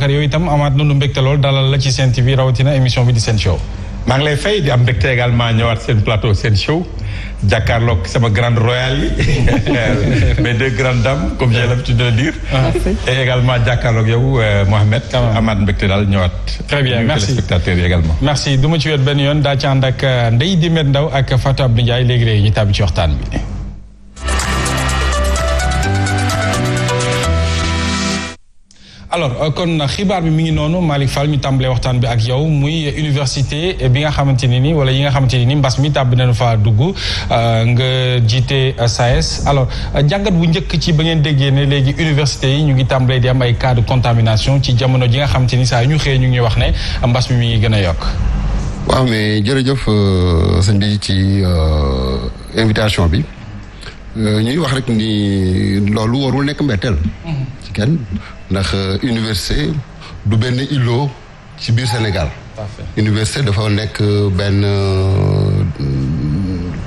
kar yooyu itam amaat na nu mbégte lool dalal la ci Sen TV rawatina émission bi di Sen Show. maa ngi lay fay di am mbégte également ñëwaat seen plateau seen Show jàkkaarloog sama grande royale yi mes deux grande dames comme la l'habitude de le dire. Ah, et également jàkkaarloog yow euh, Mohamed. Ah. amaat mbégte daal ñëwaat. très bien merci téléspectateurs yi également. merci du ma ci wet benn yoon daa ci ànd ak euh, Ndeye Dimet Ndaw ak Fatou Abdou Ndiaye léegi léegi ñu tàbbi ci waxtaan bi. alors euh, kon xibaar bi mi ngi noonu Malick Fall ñu tàmbalee waxtaan bi ak yow muy université bi nga xamante ne ni wala yi nga xamante ne ni mbas mi tàbb na faa dugg euh, nga jiite euh, SAES alors jàngat bu njëkk ci ba ngeen déggee ne léegi université yi ñu ngi tàmbalee di am ay cas de contamination ci jamono ji nga xamante ni saa yu ñu xëyee ñu ngi wax ne mbas mi ngi gën a yokk. waaw mais jërëjëf sëñ bi ci invitation bi ñuy wax rek ni loolu warul nekk mbetteel. Mhm. ci ndax euh, université du benn ilo ci biir Sénégal. parfait université dafa nekk euh, benn euh,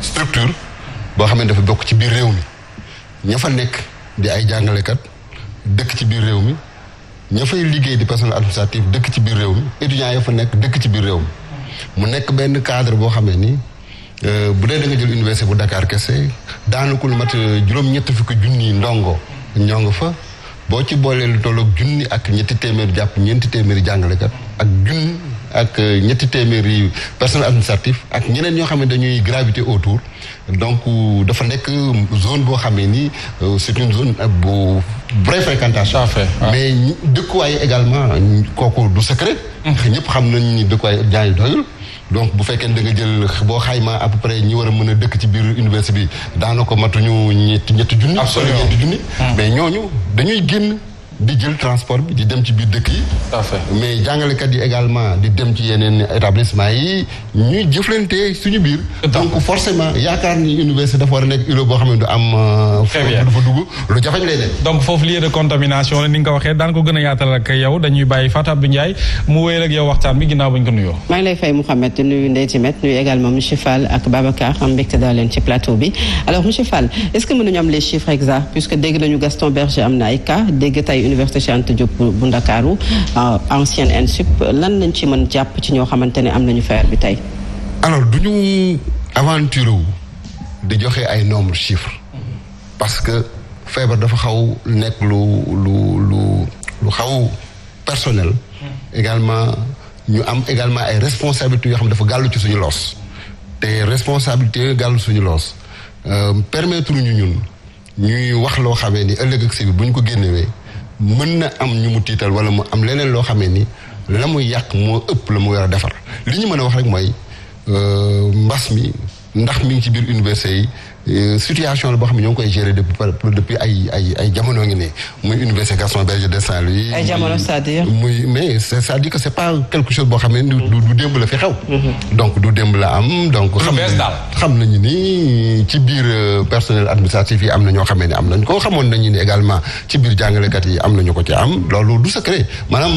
structure boo xam ne dafa bokk ci biir réew mi ña fa nekk di ay jàngalekat dëkk ci biir réew mi ña fay liggéey di personnel administratif dëkk ci biir réew mi étudiants ya fa nekk dëkk ci biir réew mi. mu nekk benn cadre boo xamee ni bu dee da nga jël université bu Dakar kese daanakul mat juróom-ñett fukki junni ndongo ñoo fa. boo ci boolee lu tolloog junni ak ñetti téeméeri jàpp ñeenti téeméeri jàngalekat ak junni ak euh, ñetti téeméeri personnel administratif ak ñeneen ñoo xam ne dañuy gravité autour donc euh, dafa nekk zone boo xamee nii euh, c'est une zone bu vraie fréquentation mais dëkkuwaay également kooku du secret ñëpp xam nañ ni dëkkuwaay jaay doyul donc bu fekkee na nga jël boo xayma à peu près ñi war a mën a dëkk ci biir université bi daanaka matuñu ñetti ñetti junni. absolument ñetti junni. Mm. mais ñooñu dañuy génn. di jël transport bi di dem ci biir dëkk yi. mais jàngalekat yi également di dem ci yeneen établissement yi ñuy jëflante suñu biir. donc forcément yaakaar ni université dafa war a nekk îlot boo xam ne du am. Euh, très bien fa dugg lu jafeñ a yaatal ak dañuy bàyyi Fatou Abdou Ndiaye mu wéyal ak yow waxtaan bi ginnaaw bañ ko nuyoo. maa lay fay Mouhamed di nuyu Ndeye Timet nuyu également monsieur Fall ak Babacar am mbégte daal ci plateau bi alors monsieur Fall est-ce que mënuñu am les chiffres exacts puisque dégg na ay cas dégg université Cheikh Anta Diop bu Ndakaaru euh, ancienne ENSUP lan lañ ci mën jàpp ci ñoo xamante ne am nañu feer bi tey alors du ñu aventure wu di joxe ay nombre chiffres parce que feebar dafa xaw nekk lu lu lu lu xaw personnel également ñu am également ay responsabilités yoo xam dafa gàllu ci suñu loos te responsabilité yooyu gàllu suñu loos euh, permettre ñu ñun ñuy wax loo xamee ni ëllëg ak si bi ko génnewee mën na am ñu mu tiital wala mu am leneen loo xamee ni la mu yàq moo ëpp la mu war a defar li ñu mën a wax rek mooy euh, mbas mi ndax mi ngi ci biir université yi Euh, situation la boo xam ne ñoo ngi koy gérer depuis depuis ay ay ay jamono ngi ne muy université Gaston Berger de Saint-Louis. ay jamono cest à muy mais c'est-à-dire que c'est pas quelque chose boo xam ne du démb la fi xew. Mm-hmm. donc du démb la am donc. xam xam nañu ni ci biir euh, personnel administratif yi am na ñoo xamee ne am nañ koo xamoon nañu ni également ci biir jàngalekat yi am nañu ko ci am loolu du secret maanaam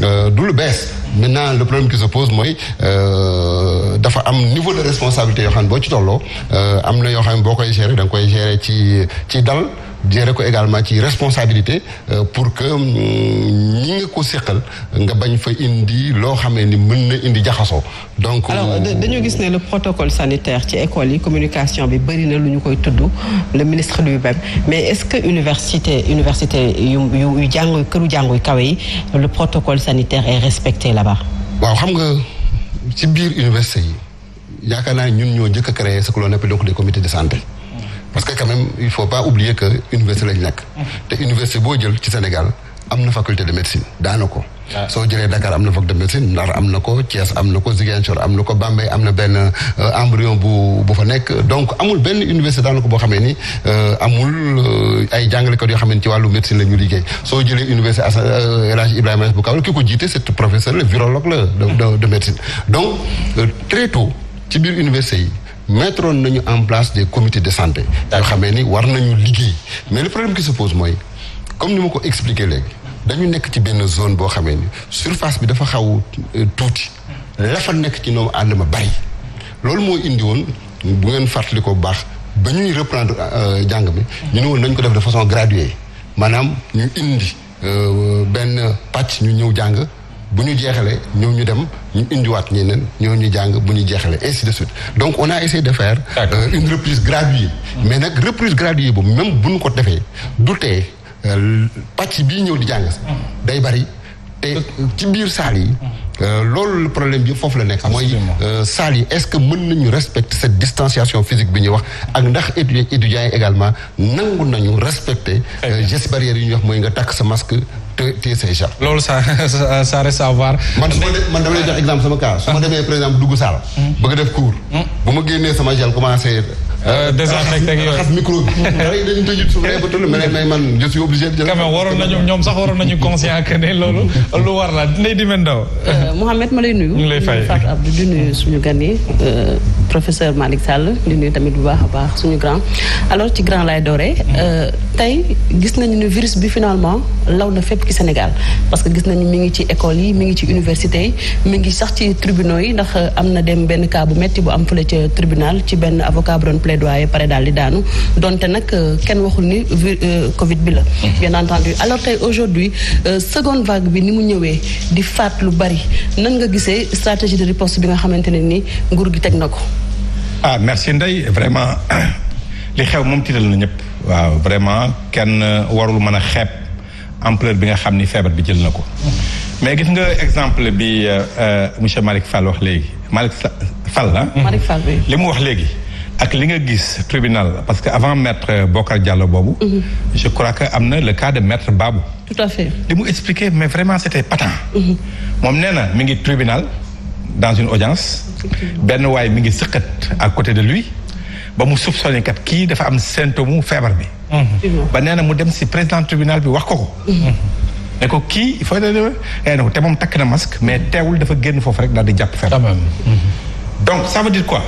euh, du lu bees. naa le problème qui se pose mooy euh, dafa am niveau de responsabilité yoo xam ne boo ci tolloo euh, am na yoo xam ne boo koy gérer da nga koy gérer ci ci dal. jëre ko également ci responsabilité euh, pour que euh, ñi nga ko seqal nga bañ fa indi loo xamee ni mën na indi jaxasoo donc. alors dañu gis ne le protocole sanitaire ci école yi communication bi bëri na lu ñu koy tudd le ministre lui-même mais est-ce que université université yu yu jàng këru jàngu kawe yi le protocole sanitaire et respecté là-bas. waaw xam nga ci biir université yi yaakaar naa ñun ñoo jëkk a créé ce que l'on appelle donc des comités de santé. parce que quand même il faut pas oublier que université lañ nekk. te université boo jël ci Sénégal am na faculté de médecine daana ko. Ah. soo jëlee Dakar am na faculté de médecine Ndar am na ko Thiès am na ko Ziguinchor am na ko Bambey am na benn euh, embryon bu bu fa nekk donc amul benn université daana ko boo xamee ni euh, amul euh, ay jàngalekat yoo xamee ni ci wàllu médecine la ñu liggéey soo jëlee université El Hadj Ibrahima bu Kaolack ki ko jiite c'est professeur le virologue la ci biir université yi. mettroon nañu en place des comités de santé. yoo xamee ni war nañu liggéey. mais le problème qui se mooy comme ni ma ko expliqué léegi dañu nekk ci benn zone boo xamee ni surface bi dafa xaw euh, tuuti. la nekk ci noonu àll ma bari. loolu moo indi woon bu ngeen fàttali ko bu baax ba ñuy reprendre euh, jàng bi ñu ne woon nañ ko def de façon graduée maanaam ñu indi euh, benn pàcc ñu ñëw jàng. bu ñu jeexalee ñëw ñu dem ñu indiwaat ñeneen ñoo ñu jàng bu ñu jeexalee ainsi de suite donc on a essayé de faire euh, une reprise graduée mm-hmm. mais nag reprise graduée boobu même bu ñu ko defee du tee euh, pàcc bii ñëw di jàng mm-hmm. day bari te euh, ci biir saal yi. Euh, loolu problème bi foofu la nekk. mooy euh, saal yi est-ce que mën nañu respecter cette distanciation physique bi ñuy wax ak ndax étudiants étudiants yi également nangu nañu respecter. Eh gestes barrières yi ñu wax mooy nga takk sa masque te te say gel. loolu ça ça reste à voir. man su ma man dama lay jox exemple sama cas. su ma demee par exemple dugg saal. Hmm. bëgg def cours. Hmm. bu ma génnee sama gel commencé. Euh, désinfecté ak yooyu raxas micro bi. rek man je suis obligé waroon nañu ñoom sax waroon nañu conscient que ne loolu lu war la Ndeye Dimbé Ndao. Euh, Mouhamed ma lay nuyu. ñu lay fay Fatou Abdou di nuyu suñu gan professeur Malick Sall di nuyu tamit bu baax a baax suñu grand alors ci grand lay dooree euh, tey gis nañu ne virus bi finalement law na fépp ci Sénégal parce que gis nañu mi ngi ci école yi mi ngi ci université yi mi ngi sax ci tribunaux yi ndax euh, am na dem benn kaabu bu metti bu am fële ca tribunal ci benn avocat bu doon plaidoyer pare daal di daanu donte nag euh, kenn waxul ni Covid bi la mhm. bien entendu alors tey aujourd'hui seconde vague bi ni mu ñëwee di faat lu bari nan nga gisee stratégie de riposte bi nga xamante ne ni nguur gi teg na ko ah merci Ndeye vraiment li xew moom tiital na ñëpp. waaw vraiment kenn euh, warul mën a xeeb empleur bi nga xam ni feebar bi jël na ko. mais gis nga exemple bi euh, euh, monsieur Malick Fall wax léegi Malick Fall la. Mm-hmm. Malick li mu wax léegi. ak li nga gis tribunal parce que avant maître Bokar Diallo boobu. Mm-hmm. je crois que am na le cas de maître Babou. tout li mu expliqué mais vraiment c'était patent. Mm-hmm. moom nee na mi ngi tribunal. dans une audience benn waay mi ngi sëqat à côté de lui ba mu soupçonné kat kii dafa am symptôme feebar bi mhm. ba nee na mu dem si président tribunal bi wax ko ko mhm. ne ko kii il faut te moom takk na masque mais teewul dafa génn foofu rek daal di jàpp feebar mhm. donc ça veut dire quoi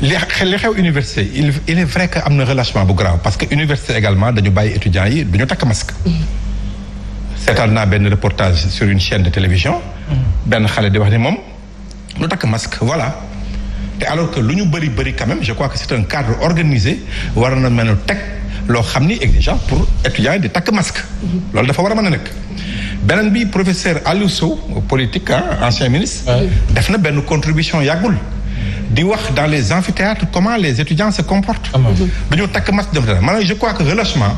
li xew université il est vrai que am na relâchement bu grave parce que université également dañu bàyyi étudiants yi du ñu takk masque seetaan naa benn reportage sur une chaîne de télévision benn xale di wax ni moom lu takk masque voilà te alors que lu ñu bëri bëri quand je crois que c'est un cadre organisé war na mën a teg loo xam ni exigeant pour étudiants di takk masque loolu dafa war a mën a nekk beneen bi professeur Aliou Sow politique ah ancien ministre def na benn contribution yàggul di wax dans les amphithéâtres comment les étudiants se comportent ah dañoo takk masque def dara maanaam je crois que relâchement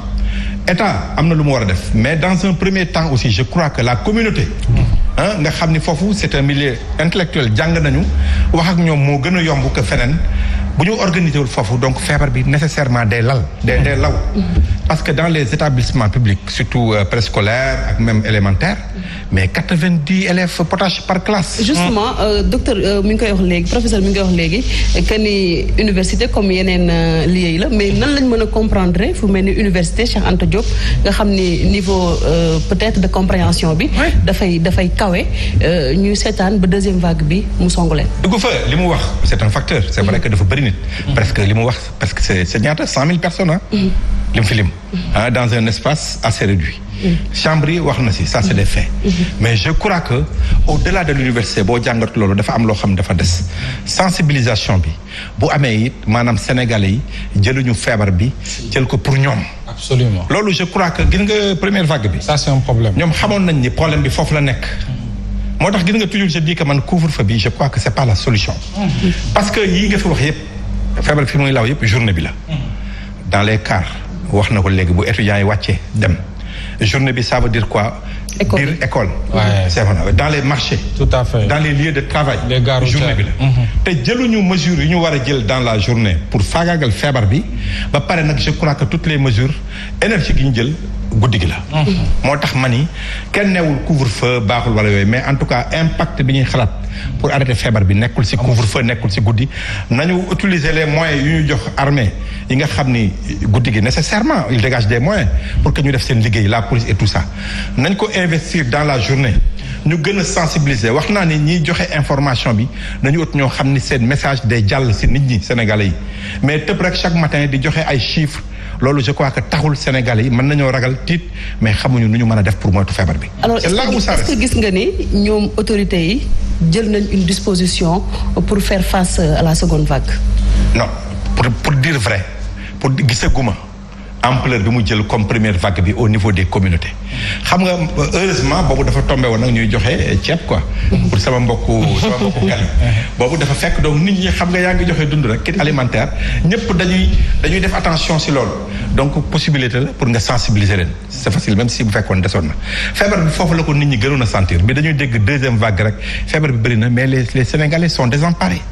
état am na lu mu war a def mais dans un premier temps aussi je crois que la communauté ah nga xam ni foofu c'est un milieu intellectuel jàng nañu wax ak ñoom moo gën a yomb que feneen bu ñu organiser foofu donc feebar bi nécessairement day lal day day law parce que dans les établissements publics surtout euh, préscolaire ak même élémentaire mais quatre-vingt-dix élèves potache par classe justement euh, docteur euh, mi ngi koy wax léegi professeur mi ngi koy wax léegi que ni université comme yeneen lieu la mais nan lañ mën a comprendre fu mel ni université Cheikh Anta Diop nga xam ni niveau peut-être de compréhension bi dafay dafay kawe ñuy seetaan ba deuxième vague bi mu songu leen fa li mu wax c'est un facteur c'est vrai mhm. téeméeri nit. presque li mu wax parce que c'est ñaata personnes mm. li mu fi mm. ah, dans un espace assez réduit. Mm. chambre yi wax na si ça c'est des faits. mais je crois que au-delà de l'université boo jàngat loolu dafa am loo xam dafa des. sensibilisation bi bu amee it maanaam sénégalais yi jëluñu feebar bi jël ko pour ñoom. loolu je crois que gis nga première vague bi. ça c'est un problème. ñoom xamoon nañ ni problème bi foofu la nekk. moo tax gis nga toujours je dis que man couvre-feu bi je crois que c'est pas la solution. parce que yii nga feebar fi muy law yëpp journée bi la. Mhm. dans les cars wax na ko léegi bu étudiants yi wàccee dem journée bi ça veut dire quoi. école dire école. c'est vrai dans les marchés. tout à fait dans les lieux de travail. journée bi la. Mhm. te jëluñu mesures yu ñu war a jël dans la journée pour faagaagal feebar bi ba pare nag je crois que toutes les mesures énergie gi ñu jël guddi gi la. Mhm. moo tax ma ni kenn newul couvre-feu baaxul wala yooyu mais en tout cas impact bi ñuy xalaat. pour arrêter feebar bi nekkul ci couvre-feu nekkul ci guddi nañu utiliser les moyens yu ñu jox armée yi nga xam ni guddi gi nécessairement il dégage des moyens pour que ñu def seen liggéey la police et tout ça nañ ko investir dans la journée ñu gën a sensibiliser wax naa ni ñiy joxe information bi nañu ut ñoo xam ni seen message day jàll ci nit ñi sénégalais yi mais tëb rek chaque matin di joxe ay chiffres loolu je crois que taxul sénégal yi mën nañoo ragal tiit mais xamuñu nu ñu mën a def pour moytu feebar bi. c'est là où est gis nga ni ñoom autorité yi jël nañ une disposition pour faire face à la seconde vague. non pour pour dire vrai pour gisaguma. ampleur bi mu jël comme première vague bi au niveau des communautés xam nga heureusement boobu dafa tombé woon nag ñuy joxe ceeb quoi pour sama mbokk sama mbokku boobu dafa fekk donc nit ñi xam nga yaa ngi joxe dund rek kit alimentaire ñëpp dañuy dañuy def attention si lool donc possibilité la pour nga sensibiliser leen c'est facile même si bu fekkoon desoon na feebar bi foofu la ko nit ñi gënoon a sentir mais dañuy dégg deuxième vague rek feebar bi bëri na mais les les Sénégalais sont désemparés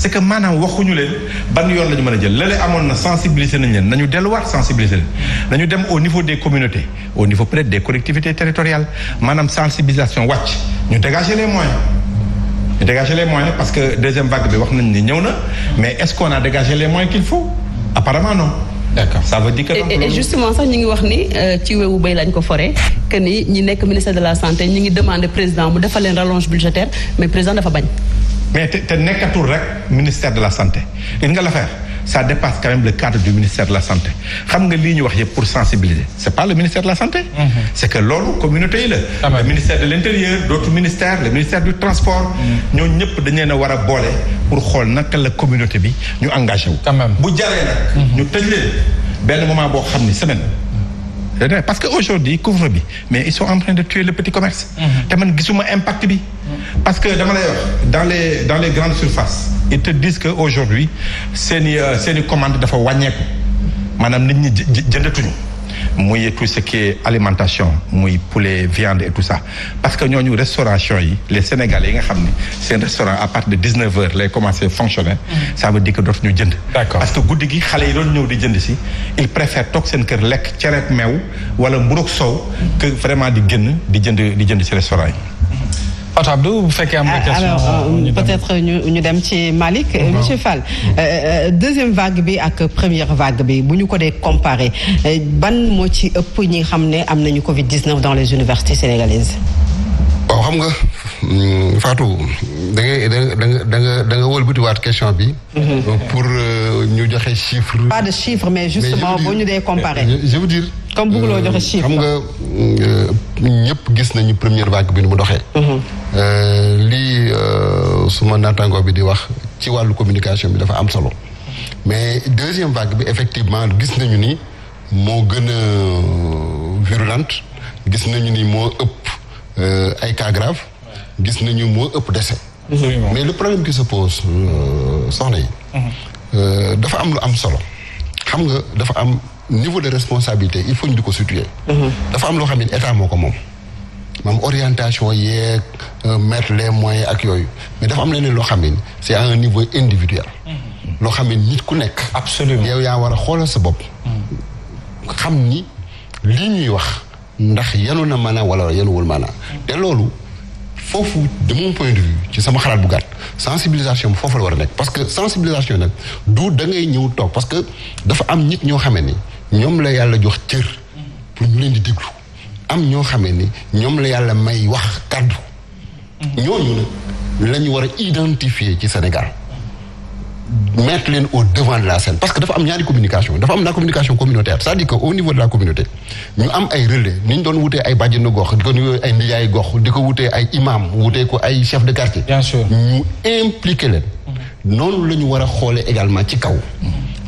c' est que maanaam waxuñu leen ban yoon la ñu mën a jël lële amoon na sensibiliser nañ leen nañu delluwaat sensibiliser leen nañu dem au niveau des communautés au niveau peut-être des collectivités territoriales maanaam sensibilisation wàcc ñu dégager les moyens ñu dégager les moyens parce que deuxième vague bi wax nañ ni ñëw na mais est ce qu' on a dégagé les moyens qu'il faut apparemment non. d'accord ça veut que justement sax ñu ngi wax ni euh, ci wewu bay lañ ko foree que ni ñi nekk ministère de la santé ngi demandé président mu defal leen rallonge budgétaire mais dafa bañ. mais te te nekkatul rek ministère de la santé gis nga l'affaire ça dépasse quand même le du ministère de la santé xam nga lii ñu wax yëpp pour sensibiliser c'est pas le ministère de la santé mhm. c'est que loolu communauté yi la ah le ministère de l'intérieur d'autres ministères le ministère du transport mhm. ñoo ñëpp dañ leen a war a boole pour xool naka la communauté bi ñu engagé wu bu jaree nag mhm. ñu tëj leen benn moment boo xam ni semaine parce que aujourd'hui couvre bi mais ils sont en train de tuer le petit commerce mhm. te man gisuma impact bi mhm. parce que dama lay wax dans les dans les grandes surfaces ils te disent que aujourd'hui seeni euh, seeni commande dafa wàññeeku maanaam nit ñi jëndatuñu muy tout ce qui alimentation muy poulet viande et tout parce que ñoo ñooñu restauration yi les sénégalais yi nga xam ni seen restaurant à partir de dix neuf heures lay commencé fonctionner. Mm. ça veut dire que dootuñu jënd. parce que guddi gi xale yi doon ñëw di jënd si ils préfèrent toog seen kër lekk cereeb meew wala mburoog soow que vraiment di génn di jënd di jënd si restaurant yi. Fatou Abdou bu fekkee am na ah, question alors euh, ah, peut-être ñu dem ci Malick euh, monsieur Fall euh, deuxième vague bi ak première vague bi bu ñu ko dee comparé ban moo ci ëpp ñi nga xam ne am nañu Covid 19 dans les universités sénégalaises. waaw xam Mm, faatu da ngay da nga da question bi. Mhm. pour euh, ñu joxe chiffre. pas de chiffre mais justement boo ñu dee comparer. je veux dire. Euh, joxe chiffre. xam nga euh, ñëpp gis nañu première vague bi mu doxee. Mhm. lii suma naataangoo bi di wax ci wàllu communication bi dafa am solo. mais deuxième vague bi effectivement gis nañu ni moo gën a virulente gis nañu ni moo ëpp ay cas gis nañu moo ëpp décès mais le problème qui se pose euh, soxna yi mhm. euh, dafa am lu am solo xam nga dafa am niveau de responsabilité il faut ñu di ko situer mhm. dafa am loo xam ne état moo ko moom maam orientation yeeg euh, mettre les moyens ak yooyu mais dafa am leneen loo xam ne c'est à un niveau mhm. loo xam ne nit ku nekk absolument yow yaa war a xoolal sa bopp xam ni lii ñuy wax ndax yenu na maanaam wala yenuwul maanaam te loolu foofu de mon point de vue ci sama xalaat bu gàtt sensibilisation bi foofu la war a nekk parce que sensibilisation nag du da ngay ñëw toog parce que dafa am nit ñoo xamee ni ñoom la yàlla jox cër pour ñu leen di déglu am ñoo xamee ni ñoom la yàlla may wax kàddu ñooñu nag la war a identifier ci Sénégal mettre leen au devant de la scène parce que dafa am ñaari communication dafa am la communication communautaire c'est-à-dire que de la communauté ñu am ay relais ni doon wutee ay bàjjenu gox di ko wutee ay nijaay gox di ko wutee ay imam wutee ko ay chef de quartier. ñu impliqué leen. Mm-hmm. noonu la ñu war a xoolee également ci kaw.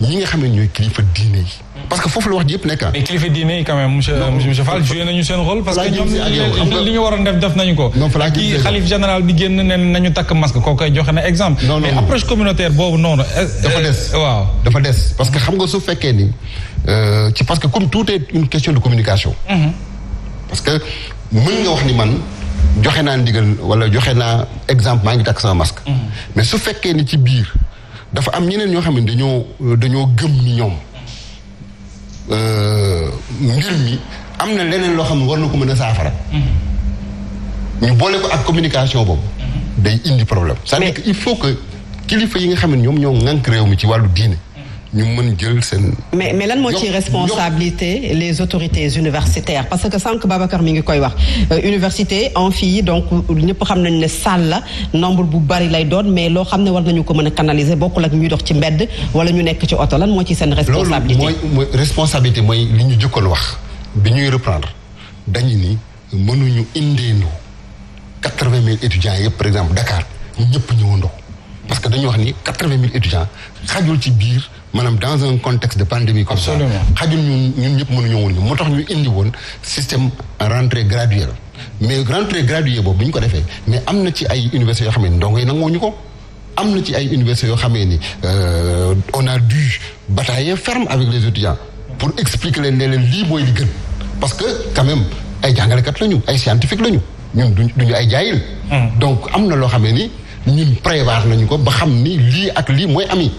ñi nga xam ne ñooy kilifa diine yi. parce que foofu la wax ji yëpp nekk. mais kilifa diine yi quand nañu seen rôle. parce que li ñu waroon def def nañu ko. non kii xalif koy joxe na exemple. xam nga su fekkee ni euh, ci parce que comme tout est une question de communication. Mhm. parce que mën nga wax ni man. joxe naa ndigal wala joxe naa exemple maa ngi takk sama masque. Mhm. mais su fekkee ni ci biir dafa am ñeneen ñoo xam ne dañoo euh, dañoo gëm ni ñoom. Euh, mbir mi am na leneen loo xam ne war na ko mën a saafara. Mm-hmm. ñu boole ko ak communication boobu. Mm-hmm. day indi problème. c'est-à-dire il faut que kilifa yi nga xam ne ñoom ñoo ŋànk réew mi ci wàllu diine. ñu mën jël seen. mais lan moo ci responsabilité les autorités universitaires parce que sànq Babacar mi ngi koy wax euh, université en fii donc ñëpp xam nañ ne salle la nombre bu bari lay doon mais loo xam ne war nañu ko mën a canaliser bokkul ak ñuy dox ci mbedd wala ñu nekk ci oto lan moo ci seen. responsabilité loolu mooy responsabilité mooy li ñu jëkkoon wax bi ñuy reprendre dañu ni mënuñu indeendu quatre-vingt mille étudiants yëpp par exemple Dakar ñëpp ñëwandoo. parce que dañu wax ni quatre-vingt mille étudiants xajul ci biir maanaam dans un contexte de pandémie comme ça xajul ñun ñëpp mënuñoo ñu moo tax ñu indi woon système rentrée graduelle mais rentrée graduelle boobu bi ñu ko defee mais am na ci ay universités yoo xam ne ndongo yi nangoo ñu ko am na ci ay universités yoo xamee ni euh, on a dû batailler ferme avec les étudiants pour expliquer leen ne leen lii booy li gën parce que quand même ay jàngalekat la ñu ay scientifique la ñu ñun ñu ay jaayil donc am na loo xamee ni ñun prévoir nañu ko ba xam ni lii ak lii mooy ami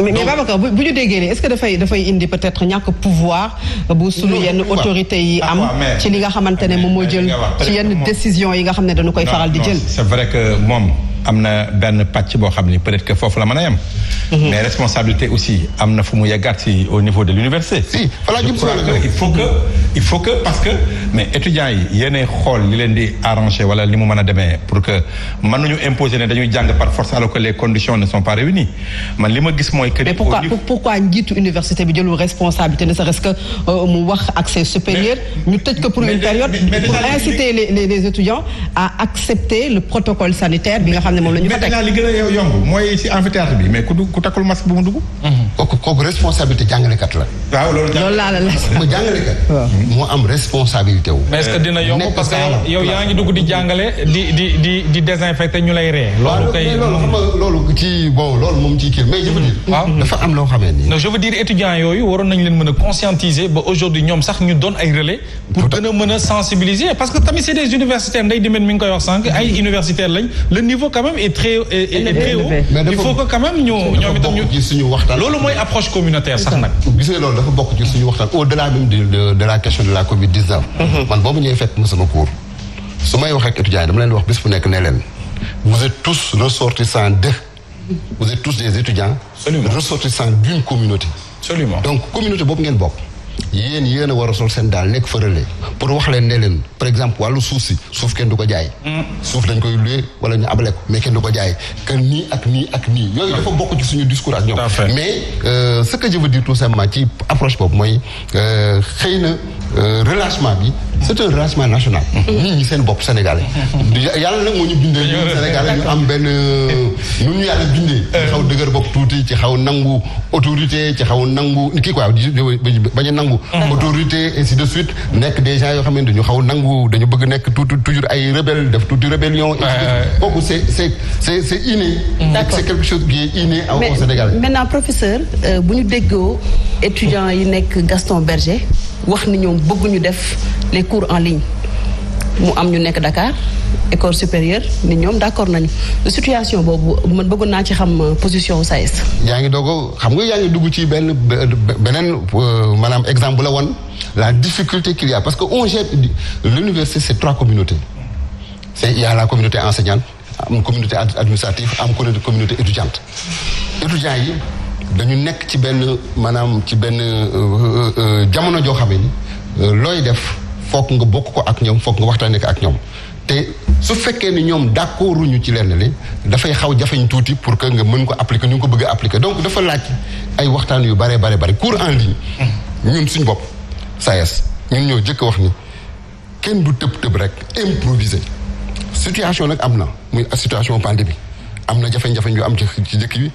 mais mais Babacar bu bu ñu déggee nii est-ce que dafay dafay indi peut-être ñàkk pouvoir bu sunu yenn autorité yi ah, am ci li nga xamante ne moom moo jël ci yenn décision yi nga xam ne dañu koy faral di jël. c'est vrai que moom am na benn pàcc boo xam ni peut-être que foofu la mën a yem. Mhm. mais responsabilité aussi am na fu mu yeggaat si au niveau de l'université si voilà je que il faut que il faut que parce que mais yi yéenay xool li leen di arranger wala li mu mën a demee pour que mënuñu imposer ne dañuy jàng par force alors que les conditions ne sont pas réunies man li ma gis mooy que mais pourquoi pourquoi njiitu université bi jëlul responsabilité ne serait-ce que euh, mu wax accès supérieur ñu tëj ko pour une période pour inciter les les dugg ku takkul masque bu mu dugg. Mhm. kooku kooku responsabilité jàngalekat la. waaw jàngalekat. moo am responsabilité est-ce que dina yomb parce que yaa ngi dugg di jàngale di di di désinfecté ñu lay ree. loolu kay loolu xam nga loolu moom ci kii mais je veux dire. Hmm. dafa am loo xamee nii. non je veux dire étudiants yooyu waroon nañ leen mën a conscientiser ba aujourd'hui ñoom sax ñu doon ay relais. pour gën a mën a sensibiliser parce que tamit c'est des universitaires nday dimen mi ngi koy wax sànq ay universitaires lañ le niveau boobu ñoom itam ñu ci suñu waxtaan loolu mooy approche communautaire sax nag gis nga loolu dafa bokk ci suñu waxtaan au delà même de de la question de la covid 19 mhm. man boobu ñooy fekk ma sama su may wax ak étudiants yi dama leen wax bis fu nekk ne leen vous êtes tous ressortissants de vous êtes tous des étudiants ressortissants d'une communauté donc communauté boobu ngeen bokk yéen yéen a war a sol seen daal nekk fërale pour wax leen ne leen par exemple wàllu suuf si suuf kenn du ko jaay. Mm. suuf dañ koy luye wala ñu abale ko mais kenn du ko jaay que nii ak nii ak nii. yooyu dafa bokk ci suñu discours ak ñoom. mais euh, ce que je veux dire euh, na euh, relâchement bi. c' est un relâchement national. Mm-hmm. nit ñi seen bopp sénégalais. Mm-hmm. yàlla nag moo ñu bindee ñun sénégalais am benn nu ñu yàlla bindee. ci xaw dëgër bopp tuuti ci xaw nangu autorité ci xaw nangu kii quoi bañ a nangu mm-hmm. autorité ainsi de suite nekk des gens yoo xam ne dañu xaw nangu dañu bëgg nekk tuuti toujours ay rebelle def tuuti rébellion kooku c'est c'est c'est c'est inné mm-hmm. c'est quelque chose qui est inné au Sénégal maintenant professeur euh, bu ñu déggoo étudiants yi nekk Gaston Berger wax ni ñoom bëgguñu def les cours en ligne mu am ñu nekk Dakar école supérieure ni ñoom d' accord nañu situation boobu man bëggoon naa ci xam euh, position sais yaa ngi doog xam nga yaa ngi dugg ci benn beneen euh, maanaam exemple la woon la difficulté qu'il a parce que on gère l'université c'est trois communautés c' est y la communauté enseignante am communauté administrative am communauté étudiante étudiants yi dañu nekk ci benn maanaam ci benn euh, jamono joo xam looy def fook nga bokk ko ak ñoom foog nga waxtaanee ko ak ñoom. te su fekkee ni ñoom d'accorduñu ci lenn li dafay xaw jafeñ tuuti pour que nga mën ko appliquer ñu ngi ko bëgg a appliquer donc dafa laaj ay waxtaan yu bare bare bare cours en ligne. ñun suñ bopp SAES e ñun ñoo jëkk wax ni kenn du tëb tëb rek improviser situation nag am na muy situation bi am na jafeñ jafeñ yu am ci ci dëkk bi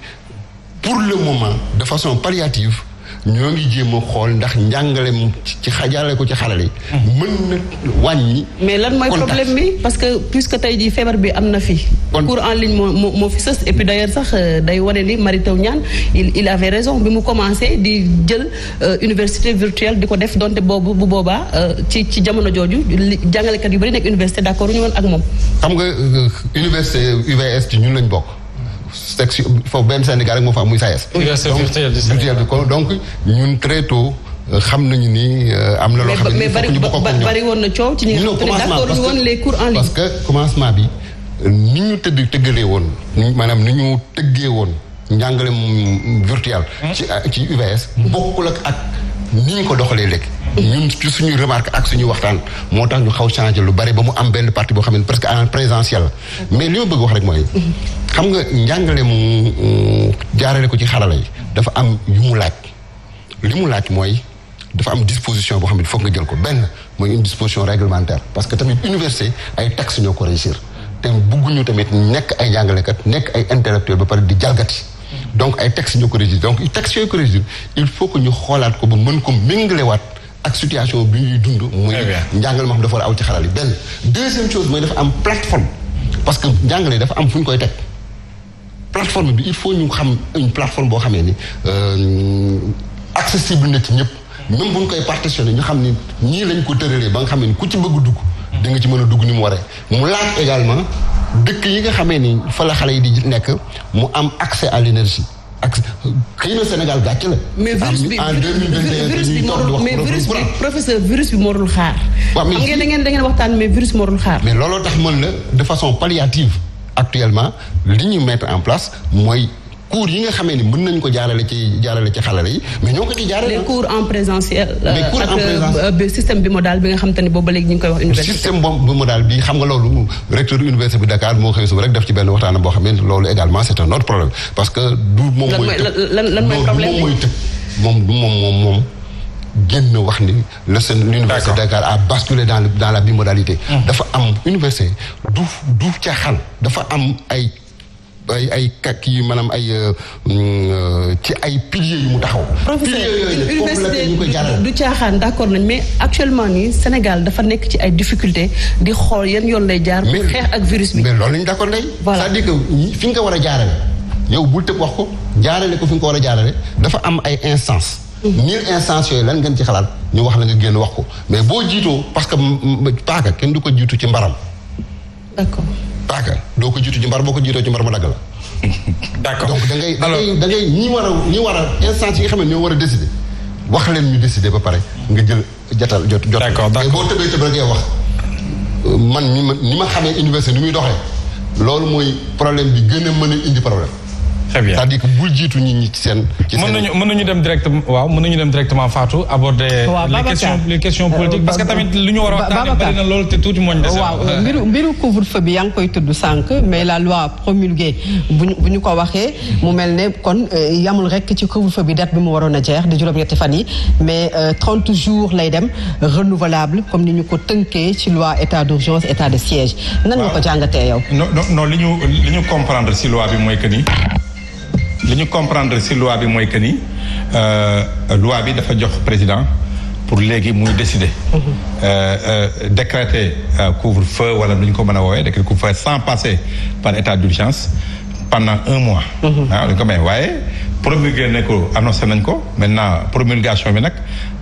pour le moment de façon palliative. ñoo ngi jéem a xool ndax njàngale ci xajale ko ci xalal yi. Mm-hmm. mën na wàññi. mais lan mooy problème bi parce que que tey jii feebar bi am na fi. cours en ligne moo moo fi sës et puis sax euh, day wone li Mary Teuw Niane il il avait raison bi mu commencé di jël euh, université virtuelle di ko def donte boobu bu boobaa euh, ci ci jamono jooju jàngalekat yu bari nekk université d'accord ñu woon ak moom. xam nga université UVS ci ñun lañ bokk. section foofu benn syndicat rek moo fa am muy SAES. E donc donc ñun très tôt. Euh, xam nañu ni euh, am na loo xam ne ñu bokk ak ñoom mais bari woon na coow ci parce que commencement bi ni ñu tëdd tëggalee woon maanaam ni ñu tëggee woon njàngale virtuel. ci ci UVS mm-hmm. bokkul ak ak ni ñu ko doxalee léegi. ñun ci suñu remarque ak suñu waxtaan moo tax ñu xaw changé lu bari ba mu am benn parti boo xam ne presque en présentiel mais li ma bëgg wax mooy xam nga njàngale mu jaarale ko ci xarala yi dafa am yu mu laaj li mu laaj mooy dafa am disposition boo xam ne foog nga jël ko benn mooy une disposition réglementaire parce que tamit université ay taxes ñoo ko régir te bugguñu tamit nekk ay jàngalekat nekk ay intellectuel ba pare di jalgati mm. donc ay textes ñoo ko régir donc textes yooyu ko régir il faut que ñu xoolaat ko ba mën ko méngalewaat ak situation bi ñuy dund muy njàngale ma xam dafa war a aw ci xaral yi benn deuxième chose mooy dafa am plateforme parce que njàngale dafa am fu ñu koy teg plateforme bi il faut ñu xam une plateforme boo xamee ni euh, accessible na ci ñëpp même bu ñu koy partitionné ñu xam ni ñii lañ ko tëralee ba nga xam ne ku ci bëgg dugg di nga ci mën a dugg ni mu waree mu laaj également dëkk yi nga xamee ni fa la xale yi di nekk mu am accès à l'énergie ak xëy na Sénégal gàcce la. mais virus bi en deux mille vingt et un mais virus bi professeur virus bi moorul xaar. waaw mais xam ngeen da ngeen da ngeen waxtaan mais virus moorul xaar. mais looloo tax mën la de façon palliative actuellement li ñu mettre en place mooy. cours yi nga xamee ni mën nañ ko jaarale ci jaarale ci xalale yi mais ñoo ko di jaarale. les cours en présentiel. Euh, les cours en euh, euh, bi nga xam te ne boobu léegi ñu ngi koy wax. université système bimodal bi xam nga loolu recteur université bu Dakar moo xëy suba rek def ci benn waxtaan boo xam ne loolu également c'est un que du moom mooy. lan lan mooy problème moom mooy tëb moom du moom moom moom. génn wax ni a basculé dafa am université du du caaxaan dafa am ay. ay ay kak yi maanaam ay euh, mm, euh, ci ay piliers yu mu taxaw. piliers yooyu université du caaxaan d' accord nañ mais actuellement nii Sénégal dafa nekk ci ay difficulté di xool yan yoon lay jaar. pour xeex ak virus bi mais loolu la ñu d' accord ndey. voilà cest fi nga ko war a jaarale. yow bul tëb wax ko jaarale ko fi nga ko war a jaarale dafa am ay instance hmm. mille instance yooyu lan ngeen ci xalaat ñu wax la nga génn wax ko mais boo jiitoo parce que paaka kenn du ko jiitu ci mbaram. paaka doo ko jiitu ci mbar boo ko jiitoo ci mbar ma dagg la. d'accord donc da ngay da ngay da ngay ñi war a ñi war a nga xam ne ñoo war a décider wax leen ñu décider ba pare nga jël jotal jot. jot d'accord mais boo tëbee tëb rek ngay wax euh, man ni ma ni ma xamee université ni muy doxee loolu mooy problème bi gën a mën a indi problème. très bien cest jiitu ñu ñi ci seen. ci seen mën nañu mën nañu dem directement waaw mën nañu dem directement Fatou aborder. les questions les questions politiques parce que tamit lu ñu war a waxtaanee bari loolu te tuuti mooñ des. waaw mbiru mbiru couvre-feu bi yaa ngi koy tuddu sànq mais la loi promulguée bu ñu bu ñu ko waxee mu mel ne kon euh, yamul rek ci couvre-feu bi date bi mu waroon a jeex di juróom-ñetti fan yi mais 30 euh, jours lay dem renouvelable comme ni ñu ko tënkee ci loi état d'urgence état de siège. nan nga ko jàngatee yow. non non ñu li ñu comprendre ci bi mooy que ni. lu ñu comprendre ci loi bi mooy que ni euh, loi bi dafa jox président pour léegi muy décider. Mhm. Euh, euh, décréter couvre-feu wala lu ñu ko mën a woowee décréter couvre-feu sans passer par état d'urgence pendant un mois. waaw mhm. ah, dañu ko may waaye. promulgué ne ko annoncé nañ ko maintenant promulgation bi nag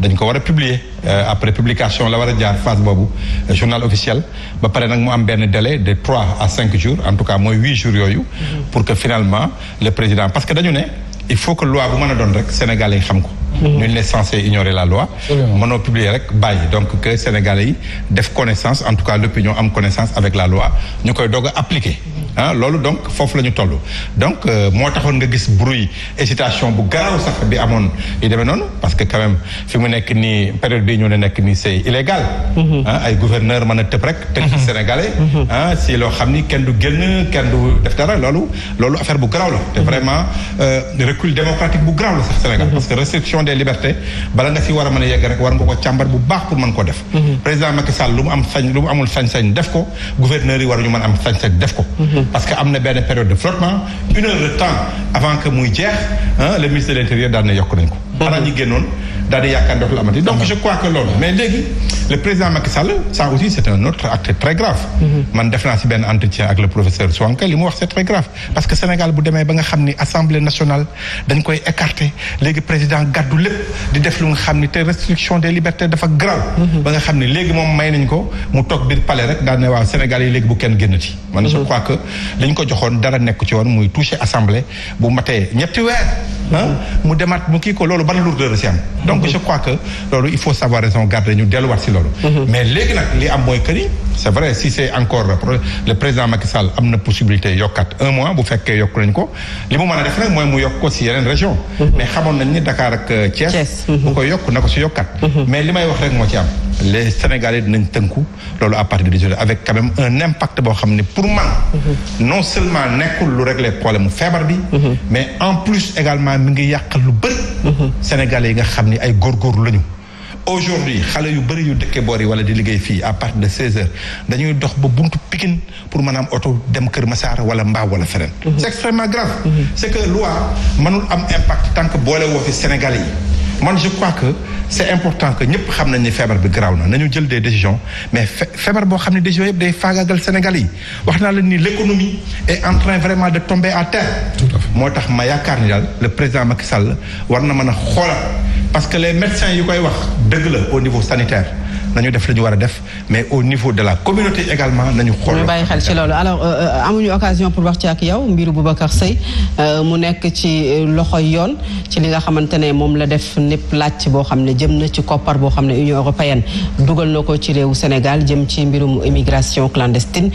dañ ko war a publier euh, après publication la war a jaar phase boobu euh, journal officiel ba pare nag mu am benn délai de trois à cinq jours en tout cas mooy huit jours yooyu. Mhm. pour que finalement le président parce que dañu ne il faut que loi bu mën a doon rek sénégalais yi xam ko. Mhm. nul n'est censé ignorer la loi. mënoo publier rek bàyyi donc que sénégalais yi def connaissance en tout cas l'opinion am connaissance avec la loi ñu koy doog a ah loolu donc foofu la ñu toll donc euh, moo taxoon nga gis bruit hésitation bu garaaw sax bi amoon yu demee noonu parce que quand fi mu nekk nii période bi ñu ne nekk nii c'est illégal mhm. ah, ay gouverneur mën a tëb rek tënk mhm. sénégalais mhm. ah si loo xam ni kenn du génn kenn du def dara loolu loolu affaire bu garaw la te vraiment euh, recul démocratique bu garaaw la sax Sénégal parce que restriction des libertés bala nga si war a mën a yegg rek war nga ko càmbar bu baax pour mën ko def président Macky Sall lu mu am sañ lu mu amul sañ-sañ def ko gouverneur yi waruñu mën am sañ-sañ def ko parce que am na benn période de flottement une heure de temps avant que muy jeex le ministre de l'intérieur daal ne yokk nañ ko xanaa ñi génnoon daal di yaakaar dootul amati donc je crois que loolu mais léegi le président Macky Sall ça aussi c' est un autre acte très grave mhm. man def naa si benn entretien ak le professeur Soanka li mu wax c' est parce que Sénégal bu demee ba nga xam ni assemblée nationale dañ koy écarté léegi président gàddu lépp di def lu nga xam ni te restriction des libertés dafa grave mhm. ba nga xam ni léegi moom may nañ ko mu toog biir palais rek daal ne waaw Sénégal yi léegi bu kenn génnati man je mhm. crois que li ko joxoon dara nekk ci woon muy touché assemblée bu matee ñetti weer ah, mu demaat mu kii ko loolu ban lourdeur si donc je crois que loolu il faut savoir raison garder ñu delluwaat si loolu mhm. mais léegi nag li am mooy que c'est vrai si c'est encore le président Macky am na possibilité yokkaat un mois bu fekkee yokk nañ ko li mu mën a def nag mooy mu yokk ko si yeneen région mhm. mais xamoon nañ ni Dakar ak euh, Thiès mhm. bu ko yokk na ko si yokkaat mais li may wax rek moo ci am les Sénégalais dinañ tënku loolu à partir du avec quand un impact boo xam ne pour man non ay góorgóorlu lañu aujourd'hui xale yu bëri yu dëkkee boor yi wala di liggéey fii à partir de 16h dañuy dox ba buntu Pikine pour maanaam oto dem Kër Massar wala Mbaaw wala feneen. Mhm. c'est extrêmement grave. Mhm. c'est que loi mënul am impact tant que boole woo fi Sénégalais yi man je crois que c'est important que ñëpp xam nañ ni feebar bi garaaw na nañu jël de décisions mais feebar boo xam ne décisions yëpp day faagaagal Sénégalais yi wax naa leen ni l'économie est en vraiment de tomber à terre. moo tax ma yaakaar ni daal le président Macky Sall parce que les médecins yu koy wax dëgg la au niveau sanitaire nañu def li ñu war a def mais au niveau de la communauté également nañu xool. ñu bàyyi xel ci loolu alors euh, euh, amuñu occasion pour wax ci ak yow mbiru Boubacar Seye euh, mu nekk ci loxo yoon ci li nga xamante ne moom la def népp laaj boo xam ne jëm na ci koppar boo xam ne Union européenne dugal na ko ci réewu Sénégal jëm ci mbirum immigration clandestine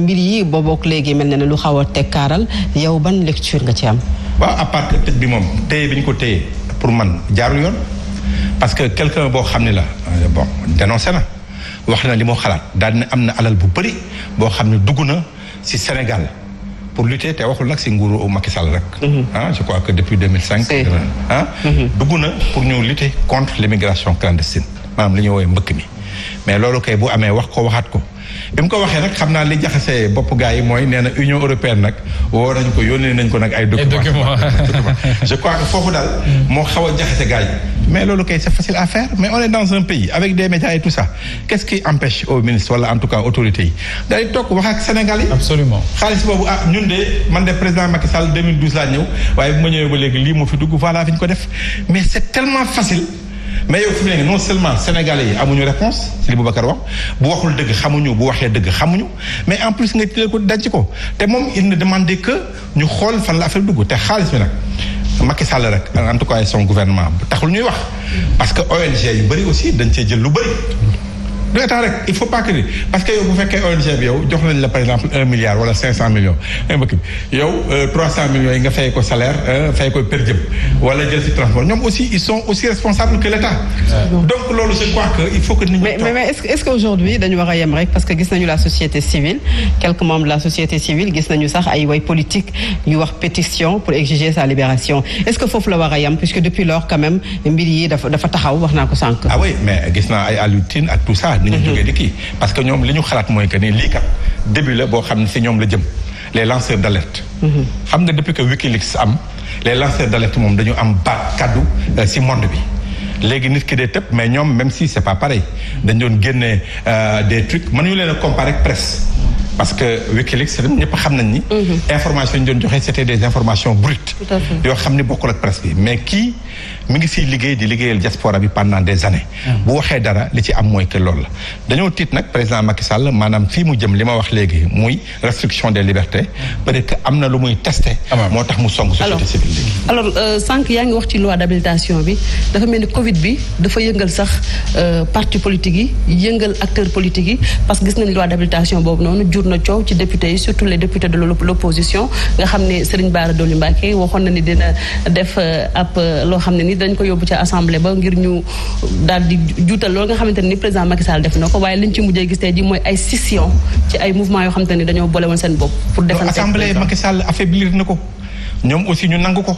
mbir yi boobook léegi mel na ne lu xaw a tekkaaral yow ban lecture nga ci am. waaw ko téye. pour man jaarul yoon parce que quelqu'un boo xam ne la bon dénoncé na wax na li moo xalaat daal ne am na alal bu bëri boo xam ne dugg na ci Sénégal pour lutter te waxul nag ci nguuru Macky Sall rek. Mhm. ah je crois que depuis 2005. cinq ah, mhm. dugg na pour ñu lutter contre l'immigration clandestine maanaam li ñu woowee mbëkk mi mais loolu kay bu amee wax ko waxaat ko. bi ko waxee nag xam naa li jaxasee bopp gars yi mooy nee na Union européenne nag woo nañ ko yónnee nañ ko nag ay documents je crois foofu daal moo xaw a jaxase yi mais loolu kay c'est facile à faire mais on est dans un pays avec des médias et tout ça qu'est-ce empêche au ministre wala en tout cas autorités yi day toog wax ak Sénégal yi xaalis boobu ah ñun de man de président Macky Sall 2012 laa ñëw waaye bu ma ñëwee ba léegi lii moo fi dugg voilà fi ko def mais c'est tellement facile mais yow fi mu ne non seulement sénégalais yi amuñu réponse ci li Boubacar wax bu waxul dëgg xamuñu bu waxee dëgg xamuñu mais en plus nga tilee ko dañ denc ko te moom in ne demandait que ñu xool fan la affaire dugg te xaalis bi nag Macky Sall rek en tout cas son gouvernement taxul ñuy wax parce que ONG yu bëri aussi dañ cee jël lu bëri du état rek il faut parce que yow bu fekkee ONG bi yow jox nañ la par exemple un milliard wala cinq cent millions un eh, bëkk bi yow euh, nga fay ko salaire euh, fay ko per diem wala jël ci transport ñoom aussi ils aussi responsables que l' état donc loolu je crois que il faut que nit ñi que aujourd'hui dañu a yem rek parce gis nañu la société civile quelques membres de la société civile gis nañu sax ay way politique ñu wax pétition pour exiger sa libération est ce que foofu la war a yem puisque depuis lors quand même mbir yi dafa taxaw wax naa ko sànq ah naa ay Alioune Tine ak tout pas ni ñu jógee di kii parce que ñoom li ñu xalaat mooy que ni lii kat début la boo xam ne si ñoom la jëm les lanceurs d' alerte xam nga depuis que Wikileaks am les lanceurs d' alerte moom dañu am baat kaddu euh, si monde bi léegi nit ki dee tëb mais ñoom même si c' est pas pareil dañ doon génne génnee euh, des trucs mënuñu leen a comparer ak parce que Wikileaks ñëpp xam nañ ni. Mhm. information yi ñu doon joxe c'était des informations brutes. yoo xam ni bokkul ak presse bi mais kii mi ngi siy liggéey di liggéeyal diaspora bi pendant des années. Mhm. bu waxee dara li ci am mooy que lool la. dañoo tiit nag président Macky Sall maanaam fii mu jëm li ma wax léegi muy restriction des libertés mhm. peut-être am na lu muy testé. Ah moo tax mu song société civile léegi. alors euh, sànq yaa ngi wax ci loi d'habilitation bi dafa mel ni Covid bi dafa yëngal sax euh, parti politique yi yëngal acteurs politiques yi parce que gis nañ loi d'habilitation boobu na coow ci député yi surtout les députés de l'opposition nga xam ne Serigne Bara Dolly Mbacké waxoon na ni dina def euh, ab euh, loo xam ni dañ ko yóbbu ci assemblée ba ngir ñu daal di juutal loolu nga xamante ne ni président Macky Sall def na ko waaye liñ ci mujjee gis tey ji mooy ay scission ci ay mouvement yoo xamante ne dañoo boole woon seen bopp pour defante assemblée Macky Sall affaiblir na ko ñoom aussi ñu nangu ko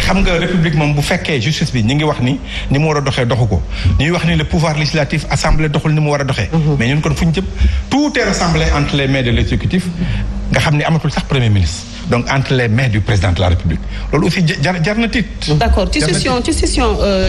xam nga république moom bu fekkee justice bi ñu ngi wax ni ni mu war a doxee doxu ko ñuy wax ni le pouvoir législatif assemblée doxul ni mu war a doxee mhm. mais ñun kon fu ñu jëm tout est entre les mains de nga xam ni amatul sax premier ministre donc entre les mains du président de la République loolu aussi jar jar na tiit. d' ci session ci euh, session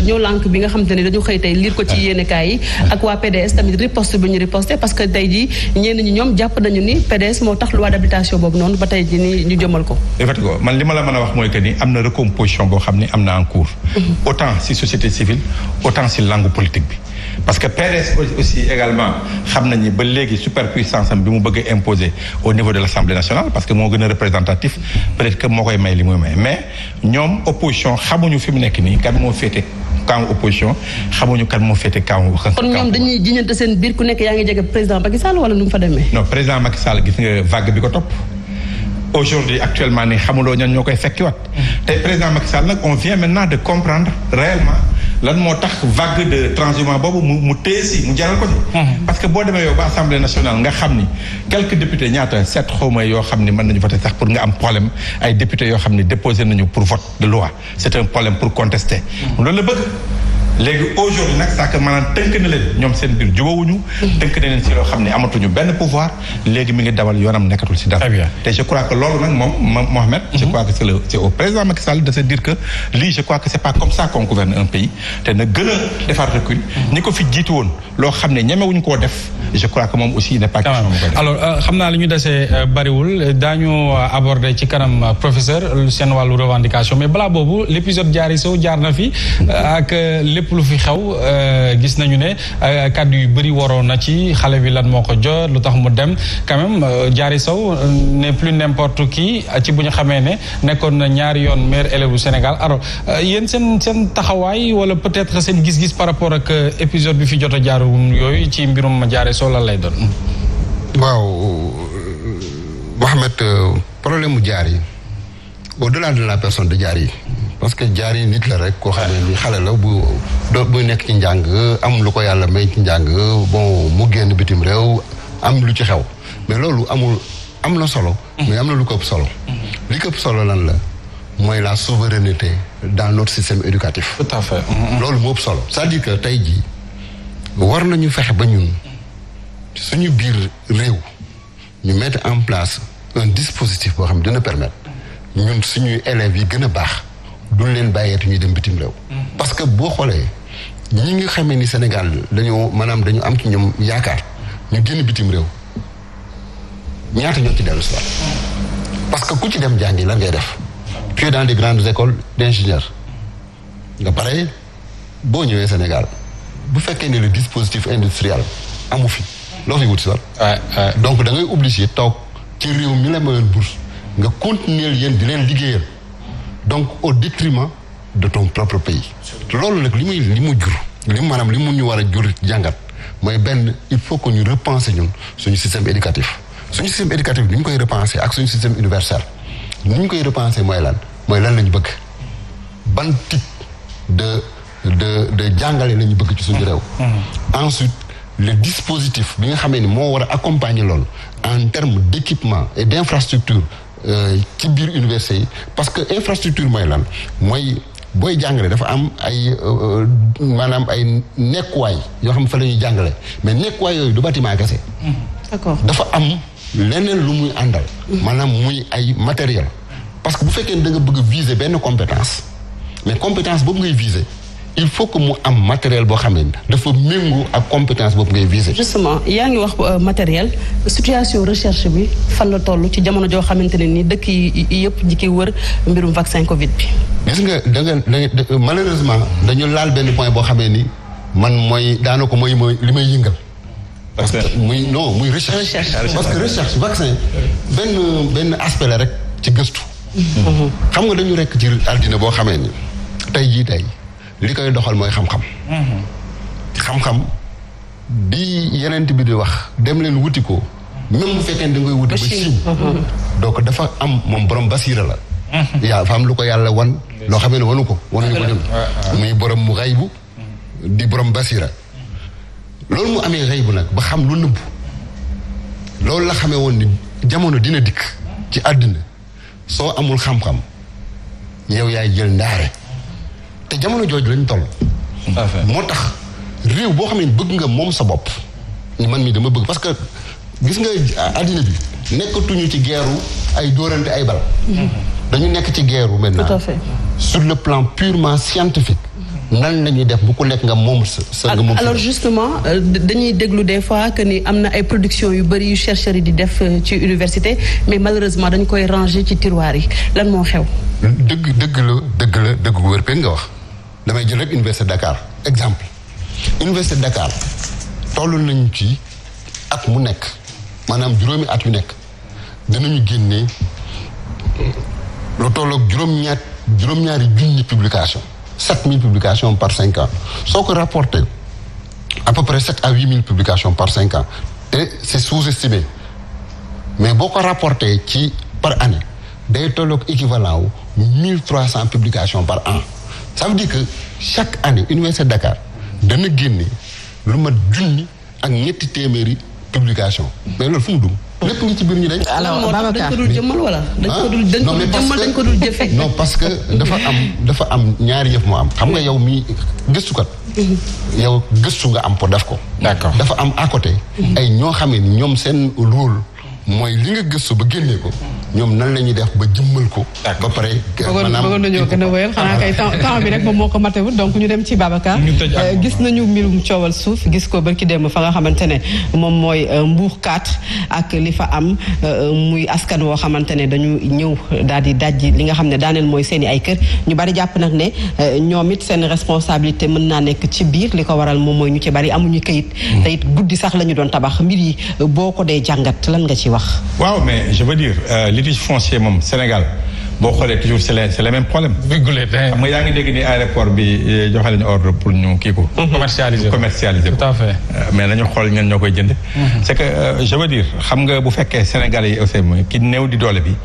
ñoo lànk bi nga xam te ne dañu xëy tey lire ko ci ah. yenn kaay yi. Ah. ak waa PDS tamit riposte bi ñu riposte parce que tey jii ñenn ñi ñoom jàpp nañu ni PDS moo tax loi d' habilitation boobu noonu ba tey jii ni ñu jëmal ko. effectivement man li ma la mën a wax mooy que ni am na recomposition boo xam ni am na en cours. Mmh. autant si société civile autant si langue politique bi. parce que PDS aussi également xam nañu ba léegi superpuissance bi mu bëgg a imposer au niveau de l' assemblée nationale parce que moo gën a représentatif peut que moo koy may li muy may mais ñoom opposition xamuñu fi mu nekk nii kan moo féete camp opposition xamuñu kan moo féete camp. kon ñoom dañuy jiñante seen biir ku nekk yaa ngi jege président Macky Sall wala nu mu fa demee. non président Macky gis nga vague bi ko topp. aujourd'hui actuellement ñoo koy fekkiwaat. Mm-hmm. te président Macky Sall nag on lan moo tax vague de transhumance boobu mu mu téye si mu jaral ko ni mhm. parce que boo demee yow ba assemblée nationale nga xam ni quelques députés ñaata sept xaw ma yoo xam ni mën nañu voté sax pour nga am problème ay députés yoo xam ni déposé nañu pour vote de loi c'est un problème pour contester mhm. loolu la bëgg léegi aujourd'hui nag sax maanaam tënk na leen ñoom seen biir jubawuñu mm-hmm. tënk na leen si loo xam ne amatuñu benn pouvoir léegi mu ngi dawal yoonam nekkatul si dara te je crois que loolu nag moom Mohamed je mm-hmm. crois que c'est le c'est au président Macky Sall de se dire que lii je que c'est pas comme ça qu'on gouverne un pays te na gën defar recul mm-hmm. ñi ko fi jiitu woon loo xam ne ñemewuñu koo def je crois que moom aussi il n'est pas question alors euh, xam naa li ñu desee euh, bariwul daañu euh, aborder ci kanam professeur seen wàllu revendication mais balaa boobu l'épisode jaari sow jaar na fi ak lépp lépp lu fi xew euh, gis nañu ne euh, kàddu yu bëri waroon na ci xale bi lan moo ko jot lu tax mu dem quand jaari euh, Diary Sow ne plus n'importe qui ci bu ñu xamee ne nekkoon na ñaari yoon maire élève bu Sénégal alors yéen seen seen taxawaay wala peut-être seen gis-gis par rapport ak épisode bi fi jot a jaaruwum yooyu ci mbirum Diary Sow lan lay doon waaw Mohamed problème mu Diary au-delà de la personne de jaar yi parce que jaar yi nit la rek koo xam ne ni xale la bu do bu nekk ci njàng am lu ko yàlla may ci njàng bon mu génn bitim réew am lu ci xew mais loolu amul am na solo mais am na lu ko ëpp solo li ko ëpp solo lan la mooy la souveraineté dans notre système éducatif tout à fait loolu moo ëpp solo c'est-à-dire que tey jii war nañu fexe ba ñun suñu biir réew ñu mettre en place un dispositif boo xam ne dina permettre ñun suñuy élèves yi gën a baax duñ leen bàyyeetu ñuy dem bitim réew. parce que boo xoolee ñi nga xamee ni Sénégal dañoo maanaam dañu am ci ñoom yaakaar ñu génn bitim réew ñaata ñoo ci dellu si parce que ku ci dem jàngi lan ngay def. tu dans des grandes écoles d'ingénieurs nga pare boo ñëwee Sénégal bu fekkee ne le dispositif industriel amu fi loo fi wut si waat. donc da ngay obligé toog ci réew mi la mayoon bourse nga continuer yéen di leen liggéeyal. donc au détriment de ton propre pays. loolu nag li muy li mu jur li mu maanaam li mu ñu war a jur jàngat mooy benn il faut que ñu repenser ñun suñu système éducatif. suñu système éducatif ni ñu koy repenser ak suñu système universel ni ñu koy repenser mooy lan mooy lan lañu bëgg ban type de de de jàngale lañu bëgg ci suñu réew. Mm-hmm. ensuite le dispositif bi nga xamee ni moo war a accompagner loolu en termes d'équipement et d'infrastructure Euh, ci biir université yi parce que infrastructure mooy lan mooy booy jàngalee dafa am ay euh, maanaam ay nekkuwaay yoo xam fa la ñuy jàngale mais nekkuwaay yooyu du bâtiment kese. d'accord dafa am leneen lu muy àndal. maanaam muy ay matériel parce que bu fekkee da nga bëgg viser benn compétence mais compétence boobu ngay viser. il faut que mu am matériel boo xam ne dafa méngoo ak compétence boobu ngay visé. justement yaa ngi wax euh, matériel situation recherche bi fan la toll ci jamono joo xamante ne nii dëkk yi yëpp di koy wër mbirum vaccin Covid bi. gis nga da nga malheureusement dañu laal benn point boo xamee ni man mooy daanaka mooy mooy li may yëngal. parce que muy non muy recherche. parce que recherche vaccin benn benn aspect rek ci gëstu. Mhm. xam nga dañu rekk ci àddina boo xamee ni tey jii tey. li koy doxal mooy xam-xam. Mm-hmm. xam-xam di yeneen bi di wax dem leen wuti ko. même bu fekkee ne da wuti ba siiw. Mm-hmm. donc dafa am moom borom basiira la. Mm-hmm. yaa fa am lu ko yàlla wan. loo xam ne wanu ko wanuñu ko ñun. muy borom mu xaybu. di borom basiira. loolu mu amee xaybu nag ba xam lu nëbb. loolu la xamee woon ni jamono dina dikk. ci àddina soo amul xam-xam. yow yaay jël ndaare. te jamono jooju lañ toll. moo tax réew boo xam ne bëgg nga moom sa bopp. ni man mii dama bëgg parce que gis nga àddina bi nekkatuñu ci geeru ay dóorante ay bal. dañu nekk ci geeru maintenant. tout à fait sur le plan purement scientifique. nan la ñuy def bu ku nekk nga moom sa sa nga moom alors justement euh, dañuy déglu des fois que ni am na ay production yu bëri yu chercheurs yi di def euh, ci université mais malheureusement dañ koy ranger ci tiroir yi lan moo xew. dëgg dëgg la dëgg la dëgg wér nga wax. damay jël rek université Dakar exemple université Dakar tollu nañu ci at mu nekk maanaam juróomi at yu nekk dinañu génnee lu tolloog juróom-ñaar juróom-ñaari junni publication sept mille publications par cinq ans soo ko rapporté à peu près sept à huit mille publications par cinq ans te c'est sous-estimé mais boo ko rapporté ci par année day tollook équivalent wu mille cent publications par an ça que chaque année université Dakar dana génne lu ma junni ak ñetti téeméeri publication mais loolu fu mu dugg. lépp ngi ci biir ñu day alors Babacar dañ ko dul jëmmal parce que dafa am dafa am ñaari yëf moo am xam nga yow mii gëstukat. Mhm. yow gëstu nga am pour def ko. d'accord dafa am à côté. Mhm. ay ñoo xamee ñoom seen lool mooy li nga gëstu ba génnee ko. ñoom nan la ñuy def ba jëmmal ko. ba pare maanaam bëggoon nañoo gën a wéyal xanaa kay temps bi moom moo ko matewul donc ñu dem ci Babacar. Euh, gis nañu mbirum coowal suuf gis ko barki démb fa nga xamante ne moom mooy euh, mbuur kaat ak li fa am euh, muy askan woo xamante ne dañu ñëw daal di dajji li nga xam ne daaneel mooy seen i ay kër ñu bari jàpp nag ne ñoom it seen responsabilité mën naa nekk ci biir li ko waral moom mooy ñu ci bari amuñu kayit. Hmm. te it guddi sax la ñu doon tabax mbir yi boo ko dee jàngat lan nga ci wax. litige foncier moom Sénégal boo xoolee toujours c' est le c' est le même problème. virgule xam nga yaa ngi dégg ni aéroport bi euh, joxe nañu ordre pour euh, mais nañu xool ñan ñoo koy jënd. Mhm. c' est que euh, je veux dire xam nga bu fekkee Sénégalais yi aussi ki néew di doole bi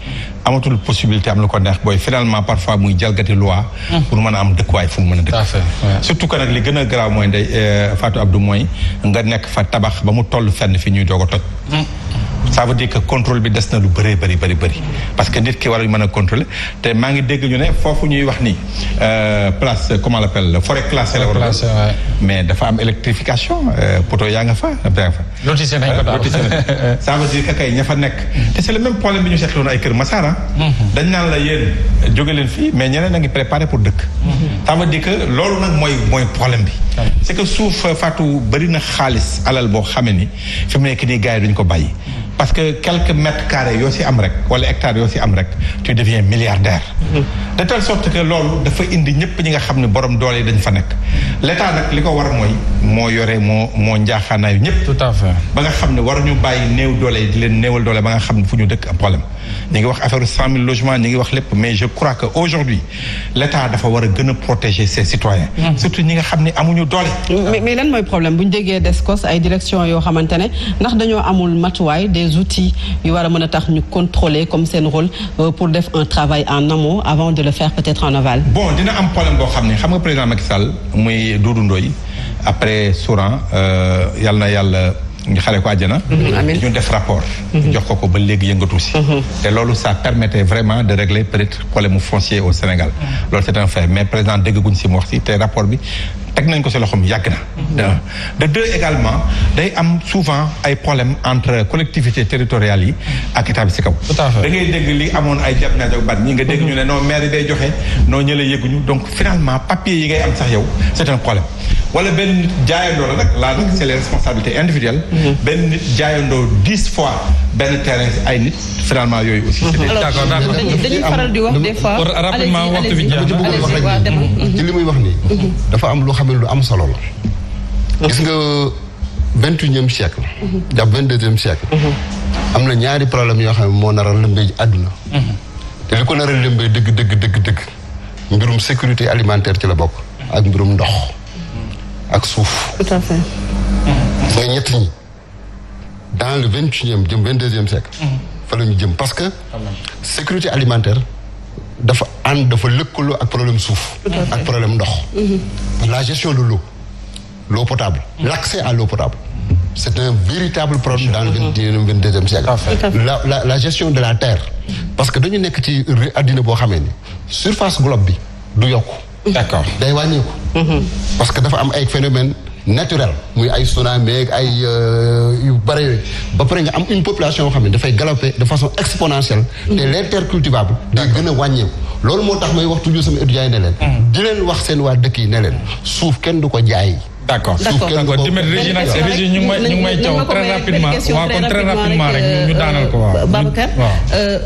amatul possibilité am lu ko neex booy finalement parfois muy jalgati loi. Mhm. pour mën a am dëkkuwaay fu mu mën a dëkk. surtout que nag li gën a garaaw mooy ndey Fatou Abdou mooy nga nekk fa tabax ba mu toll fenn fi ñuy doog a ça veut dire que contrôle bi des na lu bëree bëri bëri bëri parce que nit ki war a mën a contrôler te maa ngi dégg ñu ne foofu ñuy wax ni euh, place comment on appelle forêt classée la war mais dafa am électrification euh, poto yaa nga fa yaa nga fa lotissé nañ ko euh, daal ça veut dire que kay ña fa nekk te c'est bi ñu seetloon ay kër Massara ah. mhm. dañ naan la yéen jóge fii mais ñeneen a ngi préparé pour dëkk mhm. ça veut loolu nag mooy mooy problème bi c'est que suuf Fatou bëri boo xamee ni fi mu nekk parce que quelques mètres yoo si am rek wala hectares yoo si am rek tu deviens milliardaire. Mm-hmm. de telle sorte que loolu dafa indi ñëpp ñi nga xam ne borom doole yi dañ fa nekk. l'état nag li ko war a mooy moo yore moo moo njaaxaanaayu ñëpp. tout à fait ba nga xam ne ñu bàyyi néew doole yi leen néewal doole ba nga xam ne fu ñu dëkk am problème. ñu ngi wax affaire cent mille ñu ngi wax lépp mais je crois que aujourd'hui l'état dafa war a gën a protéger ses citoyens mm-hmm. surtout ñi nga xam ne amuñu doole mais lan mooy problème bu ñu jegee déggee DSCOS ay direction yoo xamante ne ndax dañoo amul matuwaay des outils yu war a mën a tax ñu contrôler comme seen rôle euh, pour def un travail en amont avant de le faire peut-être en aval bon dina am problème boo xam ni xam nga président Macky Sall muy Doudou Ndoye après Souran euh, yàlla na yàlla ñu xale ko àjjana mm-hmm. ñu def rapport mm-hmm. jox ko ko ba léegi yëngatu si mm-hmm. te loolu sa permettait vraiment de régler peut-être problème mu foncier au Sénégal loolu c'est un fait mais président dégg guñ si mu wax si te rapport bi teg nañ ko si loxoom yàgg na. Mm-hmm. de deux également day am souvent ay problèmes entre collectivité territoriales yi mm-hmm. ak état bi si kaw. tout dégg li amoon ay jàpp naa ban ñi nga mm-hmm. ñu ne non maire yi day joxe noo ñële yëguñu donc finalement papier yi ngay am sax yow c' est un wala benn nit jaayandoo la nag laa nag c' est les responsabilités individuelles. benn nit jaayandoo dix fois benn terrain ay nit finalement yooyu aussi. d' accord dañuy faral di wax des fois. rapidement waxtu bi ci li muy wax nii. dafa xam ne am solo la. gis nga vingt unième siècle. Mhm. jàpp vingt deuxième mhm. am na ñaari problème yoo xam ne moo nar a lëmbee àdduna. Mhm. te li ko nar lëmbee dëgg dëgg dëgg dëgg mbirum sécurité alimentaire ci la bokk. ak mbirum ndox. ak suuf. tout à fait. mooy ñett ñi dans le vingt unième jëm vingt deuxième siècle. jëm parce sécurité alimentaire dafa ànd dafa lëkkaloo ak problème suuf. ak problème ndox. la gestion de l'eau l'eau potable. l'accès à l'eau potable. c'est un véritable problème dans le vingt et deuxième siècle la la la gestion de la terre. parce que dañu nekk ci àddina boo xamee ni surface globe bi du yokk. d'accord day wàññeeku. Mhm. parce que dafa am ay phénomènes. naturel muy ay tsunami ay euh, yu bare ba pare nga am une population yoo xam ne dafay galoper de façon exponentielle te mm-hmm. les terres cultivables day gën a wàññeeku loolu moo tax may wax toujours sama étudiants yi ne leen di leen wax seen waa dëkk yi ne leen suuf kenn du ko jaay d' accord suuf kër nga dimbali régi nag régi ñu ngi may ñu ngi may taw très rapidement rek ñu euh, daanal ko waaw. Babacar euh,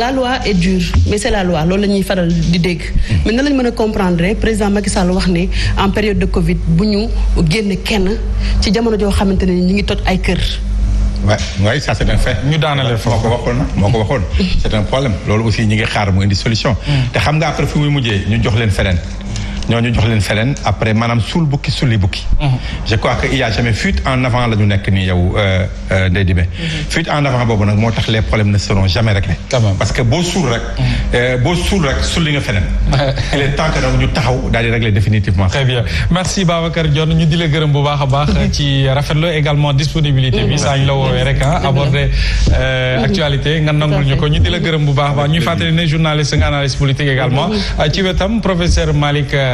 la loi dure mais c' est loolu la ñuy faral di dégg. mais nan lañ mën a comprendre président Macky Sall wax ni en période de Covid bu ñu génn kenn ci jamono joo xamante ne ñu ngi toj ay kër. waaw waaye ça c' un fait ñu daanale foofu moo ko waxoon moo mm. ko waxoon c' est un problème loolu aussi ñu ngi xaar mu indi solution. Mm. te xam nga après fu muy mujjee ñu jox leen feneen. ñooñu jox leen feneen après maanaam suul bukki sulli bukki. Mhm. je crois que il y a jamais fuite en avant la ñu nekk nii yow euh, euh, Ndeye Diagne. Mhm. fuite en avant boobu nag moo tax les problèmes ne seront jamais réglés. parce que mhm. euh, boo suul rek. sulli nga feneen. il est temps ñu taxaw daal di régler définitivement. très bu baax a bi saa ñu la rek ah aborder actualité nga nangul ñu ko ñu di la gërëm bu baax a baax ñuy fàttali ne journaliste nga analyste politique également ci wetam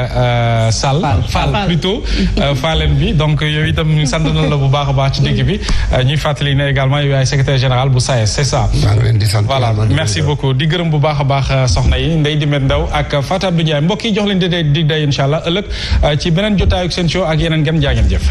Euh, Sall. Fall plutôt euh, Fallen bi donc yow itam ñu sant nañ la bu baax a baax ci dëkk bi euh, ñuy fàttali ne également yow yaay secrétaire général bu SAES c'est ça. voilà merci beaucoup di gërëm bu baax a baax soxna yi Ndeye Dimet Ndaw ak Fatou Abdou Ndiaye mbokk yi jox leen di di day incha allah ëllëg ci beneen jotaayu ak seen show ak yeneen gan jaa ngeen jëf.